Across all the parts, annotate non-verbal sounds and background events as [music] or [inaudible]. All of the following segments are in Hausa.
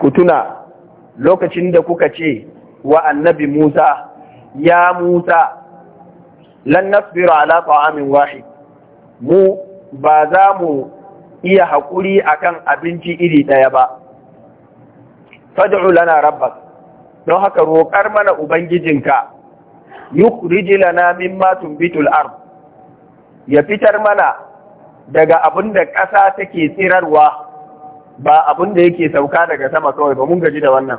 ku tuna lokacin da kuka ce wa annabi Musa ya Musa lan nasbiru ala ta'amin wahid mu ba za mu iya haƙuri akan abinci iri ɗaya ba fad'u lana rabbak don haka roƙar mana ubangijinka yukhrij lana mimma tumbitul ard ya fitar mana daga abin da ƙasa take tsirarwa ba abin da yake sauka daga sama kawai ba mun gaji da wannan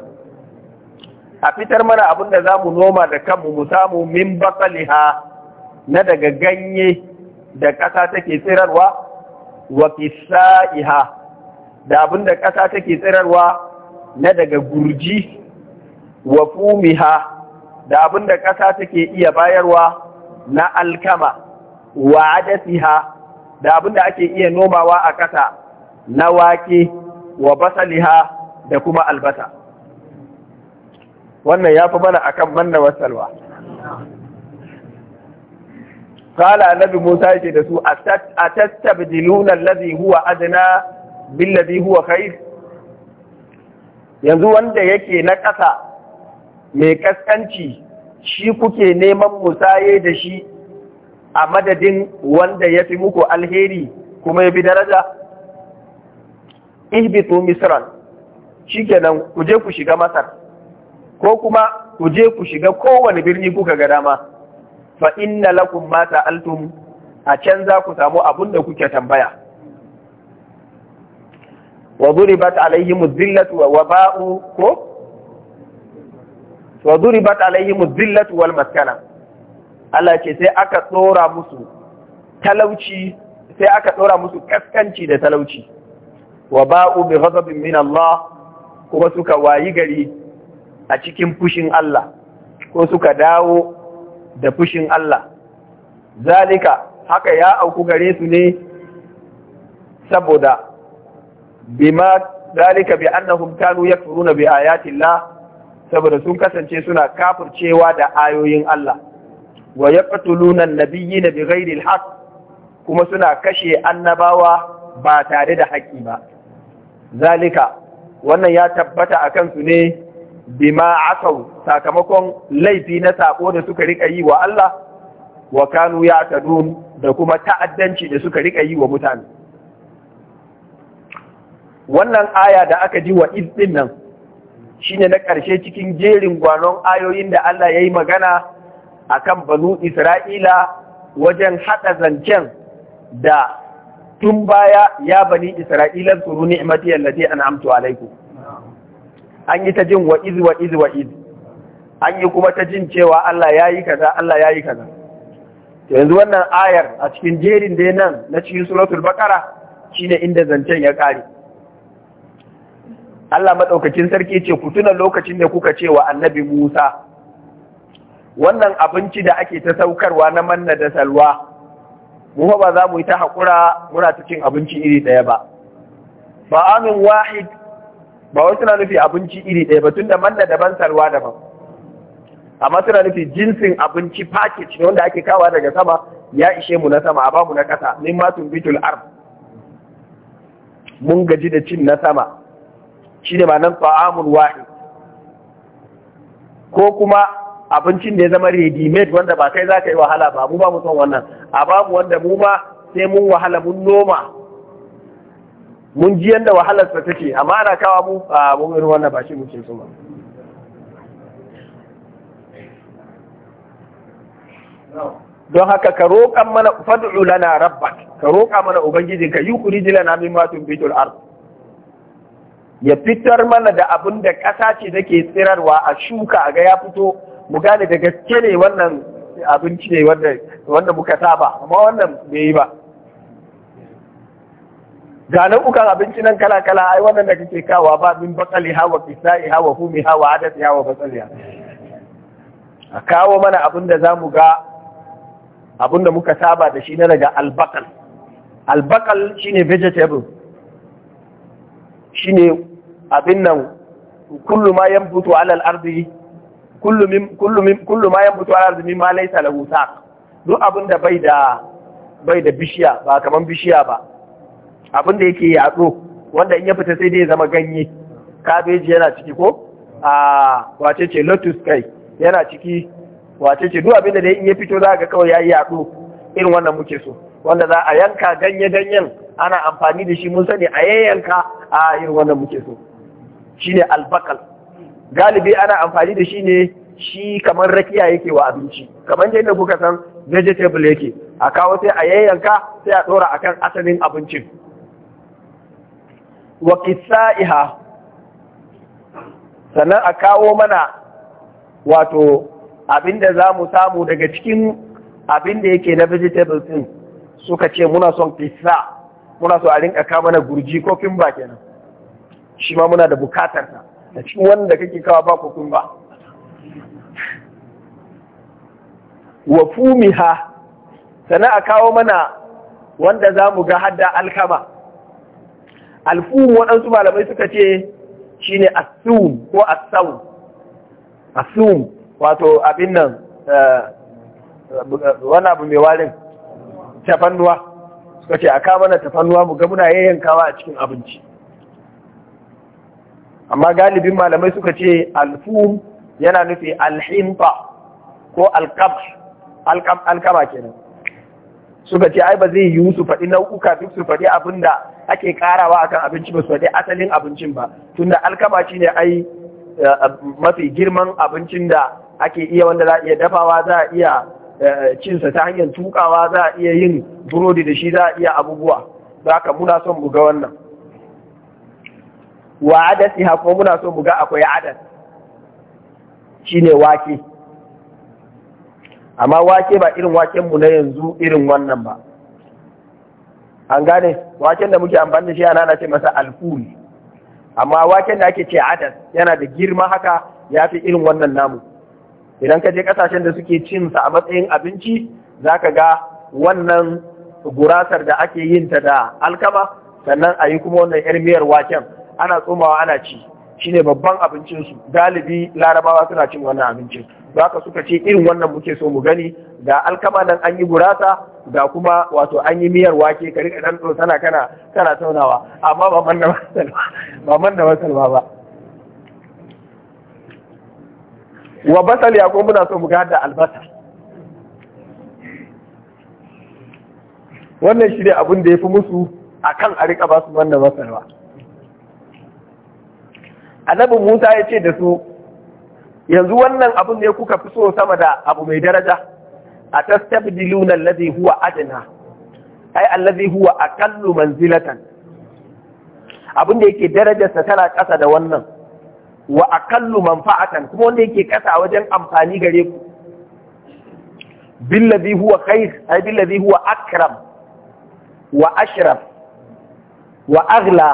a fitar mana abin da za mu noma da kanmu mu samu min bakaliha na daga ganye da ƙasa take tsirarwa wa kisa'iha da abin da ƙasa take tsirarwa na daga gurji wa fumiha da abin da ƙasa take iya bayarwa na alkama wa adasiha da abin da ake iya nomawa a ƙasa na wake wa basaliha da kuma albasa wannan ya fi mana a kan manna wasalwa Musa قال النبي موسى يجي دسو أتستبدلون الذي هو أدنى بالذي huwa kai. yanzu wanda yake na ƙasa mai ƙasƙanci, shi kuke neman musaye da shi a madadin wanda ya fi muku alheri kuma ya bi daraja ihbitu misran shikenan ku je ku shiga masar ko kuma ku je ku shiga kowane birni kuka ga dama fa inna lakum ma ta'altum a can za ku samu abun da kuke tambaya wa duribat alaihim dhillatu wa waba'u ko wa duribat alaihim dhillatu wal maskana Allah ce sai aka tsora musu talauci sai aka tsora musu kaskanci da talauci wa ba'u bi ghadabin min Allah kuma suka wayi gari a cikin fushin Allah ko suka dawo da fushin Allah zalika haka ya auku gare su ne saboda bima zalika bi annahum kanu yakfuruna bi ayati saboda sun kasance suna kafircewa da ayoyin Allah wa yaqtuluna an-nabiyina bighairi al-haqq kuma suna kashe annabawa ba tare da haƙƙi ba zalika wannan ya tabbata a kansu ne bima asau sakamakon laifi na sako da suka rika yi wa Allah wa kanu ya tadun da kuma ta'addanci da suka rika yi wa mutane wannan aya da aka ji wa izdin nan shine na ƙarshe cikin jerin gwanon ayoyin da Allah ya yi magana akan banu Isra'ila wajen haɗa zancen da tun baya ya bani isra'ilan suru ni'mati allati an'amtu alaiku. an yi ta jin wa iz wa an yi kuma ta jin cewa Allah yayi kaza Allah yayi kaza yanzu wannan ayar a cikin jerin da nan na cikin suratul baqara shine inda zancen ya kare Allah madaukakin sarki ce ku tuna lokacin da kuka ce wa annabi Musa wannan abinci da ake ta saukarwa na manna da salwa mu ba za mu yi ta haƙura muna ta cin abinci iri ɗaya ba ba amin wahid ba wasu na nufi abinci iri ɗaya ba tun da manna daban sarwa daban amma suna nufi jinsin abinci package ne wanda ake kawa daga sama ya ishe mu na sama a bamu na ƙasa min ma bitul ar mun gaji da cin na sama shine ma nan ta'amul wahid ko kuma abincin da ya zama ready made wanda ba kai za ka yi wahala ba mu ba mu son wannan a babu wanda mu ba sai mun wahala mun noma mun ji yanda wahalar sa take amma ana kawo mu a mun irin wannan ba shi muke su ba don haka ka roƙan mana fad'u lana rabbak ka roƙa mana ubangijinka yukhrij min mimma tunbitul ardh ya fitar mana da abin da ƙasa ce take tsirarwa a shuka a ga ya fito mu gane da gaske ne wannan abinci ne wanda muka saba amma wannan bai yi ba ga ukan abinci nan kala kala ai wannan da kake kawa ba min bakali hawa kisai hawa humi hawa adati hawa basaliya a kawo mana abin da zamu ga abin da muka saba da shi na daga albakal albakal shine vegetable shine abin nan kullu ma yanbutu ala ardi kullu ma yanbutu ala ardi mimma laysa lahu saq duk abin da bai da bai da bishiya ba kaman bishiya ba abin da yake yatsu wanda in ya fita sai dai zama ganye kabeji yana ciki ko a wace ce lotus kai yana ciki wace ce duk abin da dai in ya fito za ga kawai yayi yatsu irin wannan muke so wanda za a yanka ganye ganyen ana amfani da shi mun sani a yayyanka a irin wannan muke so shine albakal galibi ana amfani da shi ne shi kamar rakiya yake wa abinci kamar yadda kuka san vegetable yake a kawo sai a yayyanka sai a tsora akan asalin abincin wa iha sannan a kawo mana wato abin da za mu samu daga cikin abin abinda yake na vegetable din suka ce muna son kisa muna so a rinka kawo mana gurji ko kimba kenan shi ma muna da bukatarsa Da cikin wanda kake kawo ba ba wa fumiha sana a kawo mana wanda za mu ga hadda alkama alfum waɗansu malamai suka ce shi ne asum ko asum asum wato abin nan eh, wani abu mai warin tafannuwa suka ce a kawo mana tafannuwa mu ga muna yayyankawa a cikin abinci amma galibin malamai suka ce alfum yana nufi alhimfa ko alkama kenan suka ce ai ba zai yiwu su faɗi nau'uka duk su faɗi abin da ake karawa akan abinci ba su faɗi asalin abincin ba tunda alkama shi ne ai eh, mafi girman abincin da ake iya wanda za a iya dafawa za a iya eh, cinsa ta hanyar tukawa za a iya yin burodi da shi za a iya abubuwa za ka muna son mu ga wannan wa adasiha kuma muna so mu ga akwai adas shine wake amma wake ba irin waken mu na yanzu irin wannan ba an gane waken da muke amfani da shi ana na ce masa alful amma waken da ake ce adas yana da girma haka ya fi irin wannan namu idan ka je kasashen da suke cin sa a matsayin abinci zaka ga wannan gurasar da ake yin ta da alkama sannan a yi kuma wannan yar miyar waken ana tsomawa ana ci shine babban abincinsu galibi larabawa suna cin wannan abincin ba ka suka ce irin wannan muke so mu gani da alkama nan an yi gurasa da kuma wato an yi miyar wake ka rika dan sana kana kana taunawa amma ba man da ba masalma ba wa basal ya kuma muna so mu ga da albasa wannan shi ne abin da ya fi musu akan a rika ba su man da masalma annabi Musa ya ce da su yanzu wannan abun ne kuka fi so sama da abu mai daraja a tastabdiluna alladhi huwa adna ai alladhi huwa aqallu manzilatan abin da yake darajarsa tana ƙasa da wannan wa aqallu manfa'atan kuma wanda yake ƙasa wajen amfani gare ku billadhi huwa khair ai billadhi huwa akram wa ashraf wa aghla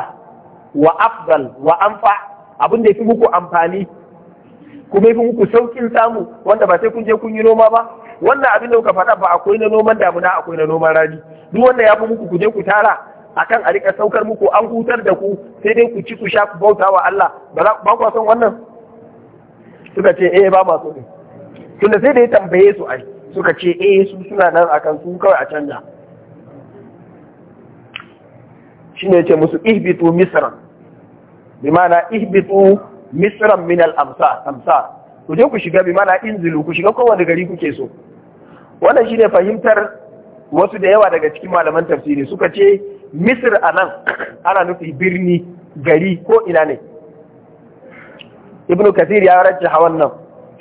wa afdal wa anfa' abin da ya fi muku amfani kuma ya fi muku saukin samu wanda ba sai kun je kun yi noma ba wannan abin da kuka faɗa ba akwai na noman damuna akwai na noman rani duk wanda ya fi muku ku je ku tara akan a rika saukar muku an hutar da ku sai dai ku ci ku sha ku bauta wa Allah ba za ba ku son wannan suka ce eh ba ma so ne tunda sai da ya tambaye su ai suka ce eh su suna nan akan su kawai a canja shine ce musu ihbitu misran bi mana ihbitu misran min al amsa amsa ku je ku shiga bi mana inzilu ku shiga kowane gari kuke so wannan shine fahimtar wasu da yawa daga cikin malaman tafsiri suka ce misr a nan [clears throat] ana nufi birni gari ko ina ne ibnu Kathir ya rance hawan nan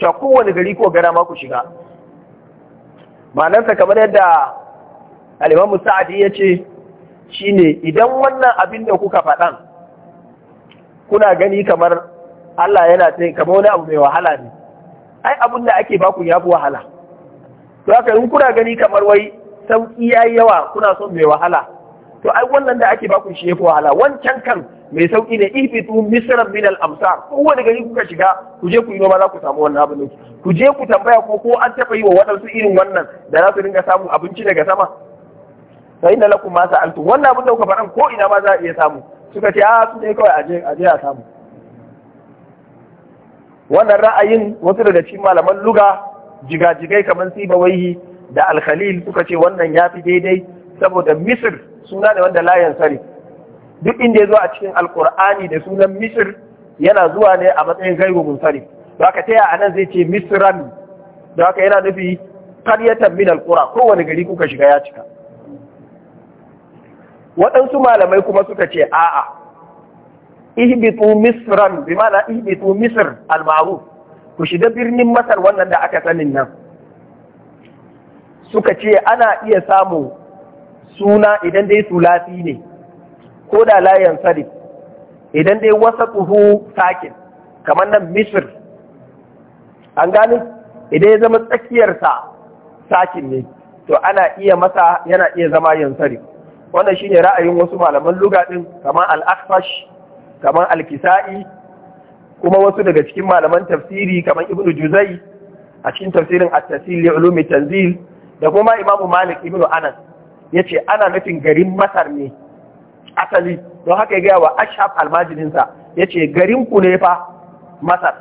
cewa kowane gari ko gara ma ku shiga ma'anarsa kamar yadda al-imam sa'adi ya ce shine idan wannan abin da kuka faɗan kuna gani kamar Allah yana ce kamar wani abu mai wahala ne ai abin da ake baku ya fi wahala to haka in kuna gani kamar wai sauki yayi yawa kuna son mai wahala to ai wannan da ake baku shi ya fi wahala wancan kan mai sauki ne Ifitu, misran min al amsar ko wani gani kuka shiga ku je ku yi noma za ku samu wannan abin ku je ku tambaya ko ko an taba yi wa waɗansu irin wannan da za su dinga samu abinci daga sama fa inna lakum ma sa'altum wannan abin da kuka faɗan ko ina ma za a iya samu suka ce ah, a su ne kawai a je a samu wannan ra'ayin wasu daga cikin malaman luga jigajigai kamar siba waihi da alkhalil suka ce wannan ya fi daidai saboda misir suna ne wanda layan sari duk inda ya zo a cikin alkur'ani da sunan misir yana zuwa ne a matsayin gaibu sari. sare da aka taya anan zai ce Misiran. da aka yana nufi karyatan min alkura kowane gari kuka shiga ya cika waɗansu malamai kuma suka ce a'a ihbitu misran bi mana ihbitu misr al maru ku shiga birnin masar wannan da aka sanin nan suka ce ana iya samu suna idan dai sulasi ne ko da layan sari idan dai wasa tsuhu sakin kamar nan misir an gani idan ya zama tsakiyarsa sakin ne to ana iya masa yana iya zama yansari wannan shine ra'ayin wasu malaman luga kamar al kamar al'kisa'i, kuma wasu daga cikin malaman tafsiri kamar ibnu juzai a cikin tafsirin at-tasil ulumi tanzil da kuma imamu malik ibnu anas ce ana nufin garin masar ne asali don haka ya gaya wa ashab almajirinsa yace garin ku ne fa masar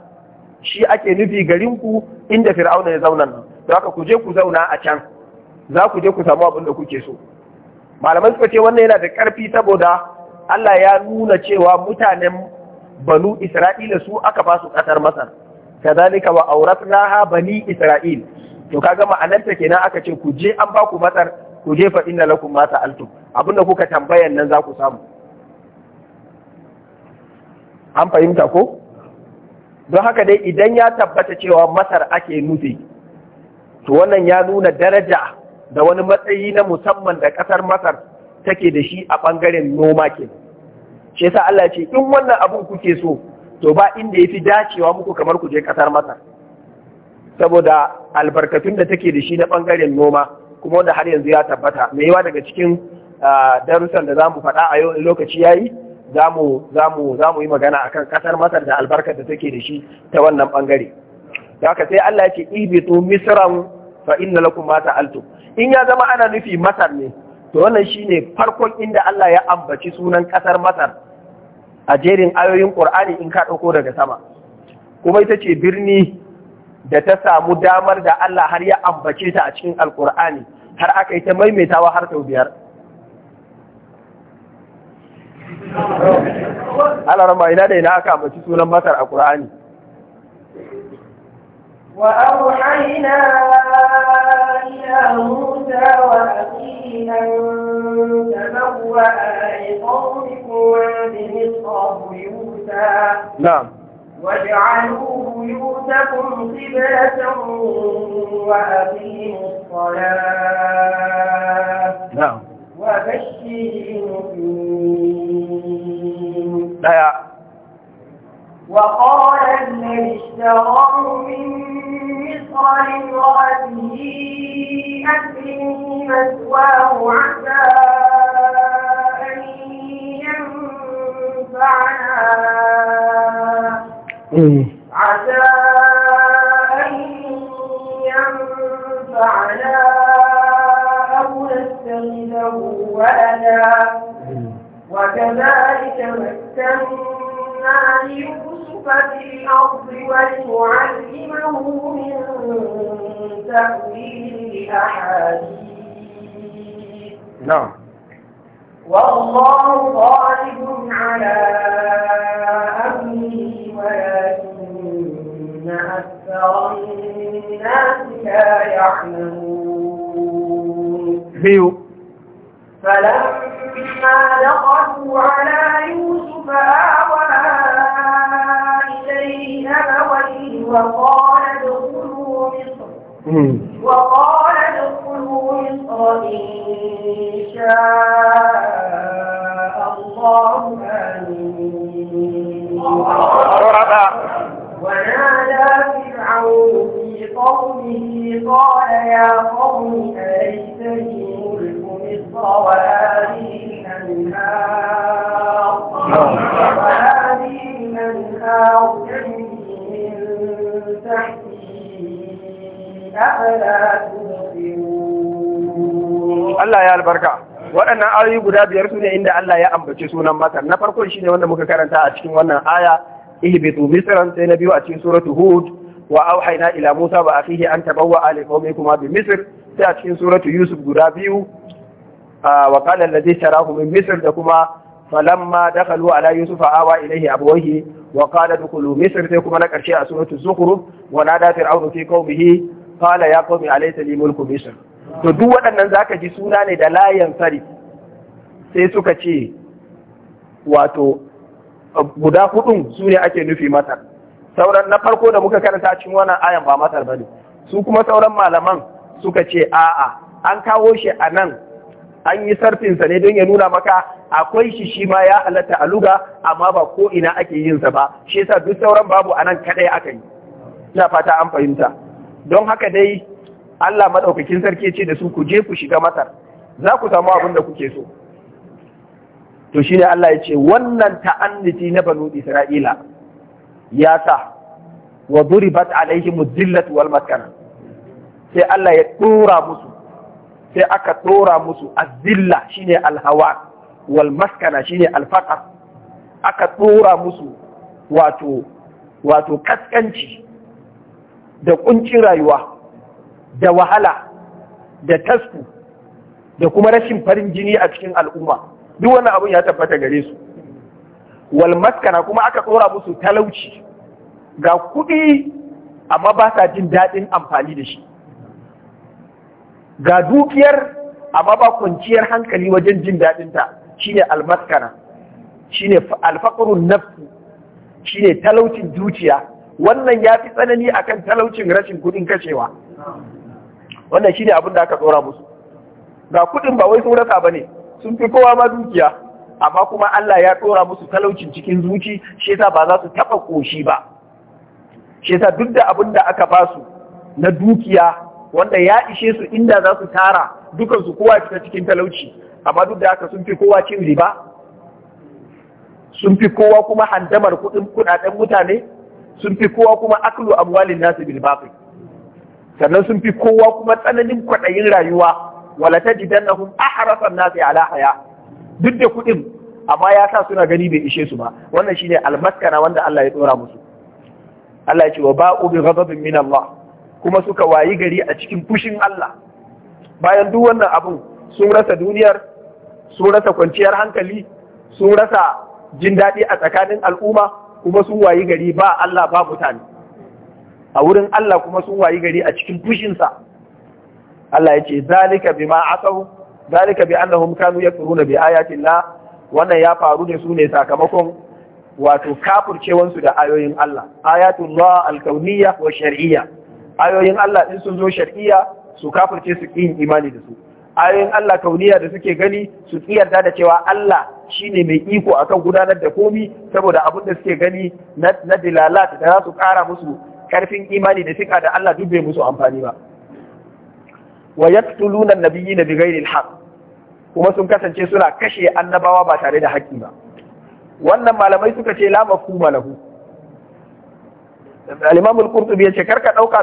shi ake nufi garin ku inda fir'auna ya zauna nan don haka ku je ku zauna a can za ku je ku samu abin da kuke so malaman suka ce wannan yana da ƙarfi saboda Allah ya nuna cewa mutanen banu Isra'ila su aka ba su ƙasar Masar kazalika wa auratnaha bani Isra'il to kaga ma'anarta kenan aka ce ku je an ba ku Masar ku je fa inna lakum ma sa'altum abinda kuka tambayan nan za ku samu an fahimta ko don haka dai idan ya tabbata cewa Masar ake nufi to wannan ya nuna daraja da wani matsayi na musamman da ƙasar Masar take da shi a ɓangaren noma ke. Shi yasa Allah ce in wannan abin kuke so to ba inda ya fi dacewa muku kamar ku je ƙasar Masar. Saboda albarkatun da take da shi na ɓangaren noma kuma wanda har yanzu ya tabbata mai yawa daga cikin darussan da za mu faɗa a yau lokaci ya yi za mu yi magana a kan ƙasar Masar da albarkar da take da shi ta wannan ɓangare. Da haka sai Allah ya ce ihbitu misran fa inna lakum ma ta'altum in ya zama ana nufi masar ne to wannan shine farkon inda Allah ya ambaci sunan kasar masar a jerin ayoyin qur'ani in ka dauko daga sama kuma ita ce birni da ta samu damar da Allah har ya ambace ta a cikin alqur'ani har aka yi ta maimaitawa har sau biyar Allah rama ina da ina aka ambaci sunan masar a qur'ani يا موسى وأخيه أن تبوأ لقومكم بمصر بيوتا نعم واجعلوا بيوتكم قبلة وأقيموا الصلاة نعم وبشر المؤمنين وقال الذي اشتراه من مصر لامرأته أكرمي مثواه عسى أن ينفعنا إيه. عسى أن ينفعنا أو نستغله ولدا إيه. وكذلك مكنا ليوسف في الأرض ولنعلمه من تأويل الأحاديث نعم والله غالب على أمره ولكن أكثر الناس لا يعلمون فلما دخلوا على Allah ya albarka waɗannan ayoyi guda biyar su ne inda Allah ya ambaci sunan Masar na farkon shine wanda muka karanta a cikin wannan aya ihbitu misran sai na biyu a cikin suratu hud wa auhayna ila musa wa akhihi an tabawwa li kuma bi misr sai a cikin suratu yusuf guda biyu wa qala alladhi sharahu min misr da kuma falamma dakhalu ala yusuf awa ilayhi abawayhi wa qala dukulu misr sai kuma na karshe a suratu zukhruf wa nada fir'aunu fi qaumihi qala ya kome a laisa limul to duk waɗannan za ka ji suna ne da layan sari sai suka ce wato guda hudun su ne ake nufi masar sauran na farko da muka karanta cikin wannan ayan ba masar ne. su kuma sauran malaman suka ce a'a an kawo shi a nan an yi sarfinsa ne don ya nuna maka akwai shi shi ma ya halatta a luga amma ba ko ina ake yinsa ba shi yasa duk sauran babu a nan kadai aka yi ina fata an fahimta don haka dai Allah maɗaukakin sarki ce da su ku je ku shiga Masar za ku samu abin da kuke so to shine Allah ya ce wannan ta'anniti na banu Isra'ila ya sa wa duribat mu dhillatu wal maskana sai Allah ya ɗora musu sai aka ɗora musu azilla shine alhawa wal maskana shine alfaqar aka ɗora musu wato wato kaskanci da ƙuncin rayuwa da wahala da tasku da kuma rashin farin jini a cikin al'umma duk wannan abun ya tabbata gare su wal kuma aka tsora musu talauci ga kuɗi amma ba sa jin daɗin amfani da shi ga dukiyar amma ba kwanciyar hankali wajen jin daɗinta shine almaskana shine alfakarun nafsu shine talaucin zuciya wannan ya fi tsanani a kan talaucin rashin kuɗin kashewa wannan shine abin da aka tsora musu ga kuɗin ba wai tsorata rasa bane sun fi kowa ma dukiya amma kuma Allah ya tsora musu talaucin cikin zuci shi yasa ba za su taba ƙoshi ba shi yasa duk da abin da aka ba su na dukiya wanda ya ishe su inda za su tara dukansu kowa fita cikin talauci amma duk da haka sun fi kowa cin riba sun fi kowa kuma handamar kuɗin kuɗaɗen mutane sun fi kowa kuma aklu amwalin nasu bil batil sannan sun fi kowa kuma tsananin kwaɗayin rayuwa wala tajidannahum ahrasan nasi ala haya duk da kuɗin amma ya sa suna gani bai ishe su ba wannan shine almaskana wanda Allah ya tsora musu Allah ya ce wa ba'u bi ghadabin min Allah kuma suka wayi gari a cikin fushin Allah bayan duk wannan abun sun rasa duniyar sun rasa kwanciyar hankali sun rasa jin daɗi a tsakanin al'umma kuma sun wayi gari ba Allah ba mutane a wurin Allah kuma sun wayi gari a cikin fushinsa Allah ya ce zalika bima asaw zalika bi annahum kanu yakfuruna bi ayati Allah wannan ya faru ne su ne sakamakon wato kafircewan su da ayoyin Allah ayatullah alkauniyya wa shar'iyya ayoyin Allah in sun zo shar'iyya su kafurce su kin imani da su ayoyin Allah kauniya da suke gani su tsiyarta da cewa Allah shine mai iko akan gudanar da komi saboda abin da suke gani na dilalat da za su ƙara musu karfin imani da fika da Allah dubbe bai musu amfani ba wa yaqtuluna an-nabiyina na al-haqq kuma sun kasance suna kashe annabawa ba tare da haƙƙi ba wannan malamai suka ce la mafhuma lahu al-imam al-qurtubi ya ce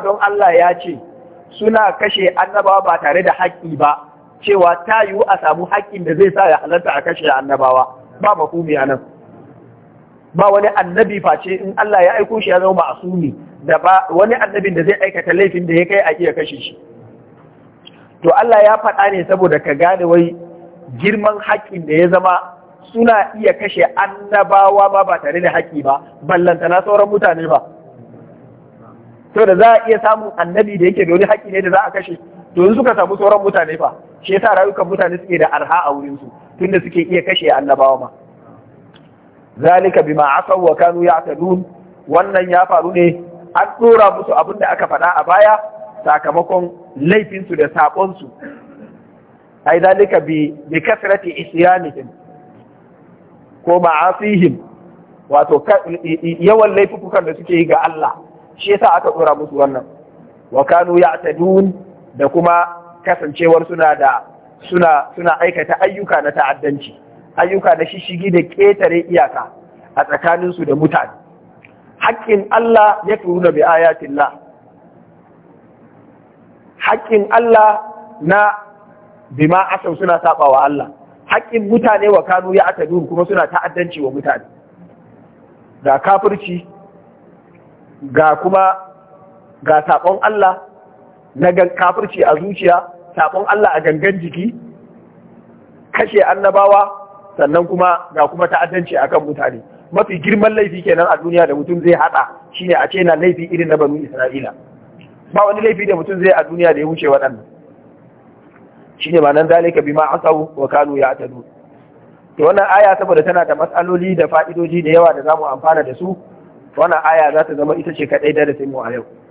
don Allah ya ce suna kashe annabawa ba tare da haƙƙi ba cewa ta yiwu a samu haƙƙin da zai sa ya halarta a kashe annabawa ba mafumi a nan ba wani annabi face in Allah ya aiko shi ya zama ma'asumi da ba wani annabin da zai aikata laifin da ya kai a iya kashe shi to Allah ya faɗa ne saboda ka gane wai girman haƙƙin da ya zama suna iya kashe annabawa ba ba tare da haƙƙi ba na sauran mutane ba to da za a iya samun annabi da yake da wani haƙƙi ne da za a kashe to suka samu sauran mutane fa shi yasa rayukan mutane suke da arha a wurin su tunda suke iya kashe annabawa ma zalika bima asaw wa kanu ya'tadun wannan ya faru ne an dora musu abin da aka faɗa a baya sakamakon laifin su da sakon su ai zalika bi bi kasrati isyanihim ko ma'asihim wato yawan laifukan da suke yi ga Allah shi yasa aka dora musu wannan wa kanu ya'tadun da kuma kasancewar suna da suna suna aikata ayyuka na ta'addanci ayyuka na shishigi da ƙetare iyaka a tsakaninsu da mutane haƙƙin Allah ya turuna bi la haƙƙin Allah na bima asau suna saba wa Allah haƙƙin mutane wa kanu ya atadun kuma suna ta'addanci wa mutane ga kafirci ga kuma ga saƙon Allah na gan kafirci a zuciya sabon Allah a gangan jiki kashe annabawa sannan kuma ga kuma ta'addanci akan mutane mafi girman laifi kenan a duniya da mutum zai hada shine a ce na laifi irin na banu Isra'ila ba wani laifi da mutum zai a duniya da ya wuce waɗannan shine ba nan zalika bima asaw wa kanu ya'tadun to wannan aya saboda tana da matsaloli da fa'idoji da yawa da zamu amfana da su wannan aya za ta zama ita ce kadai darasin mu a yau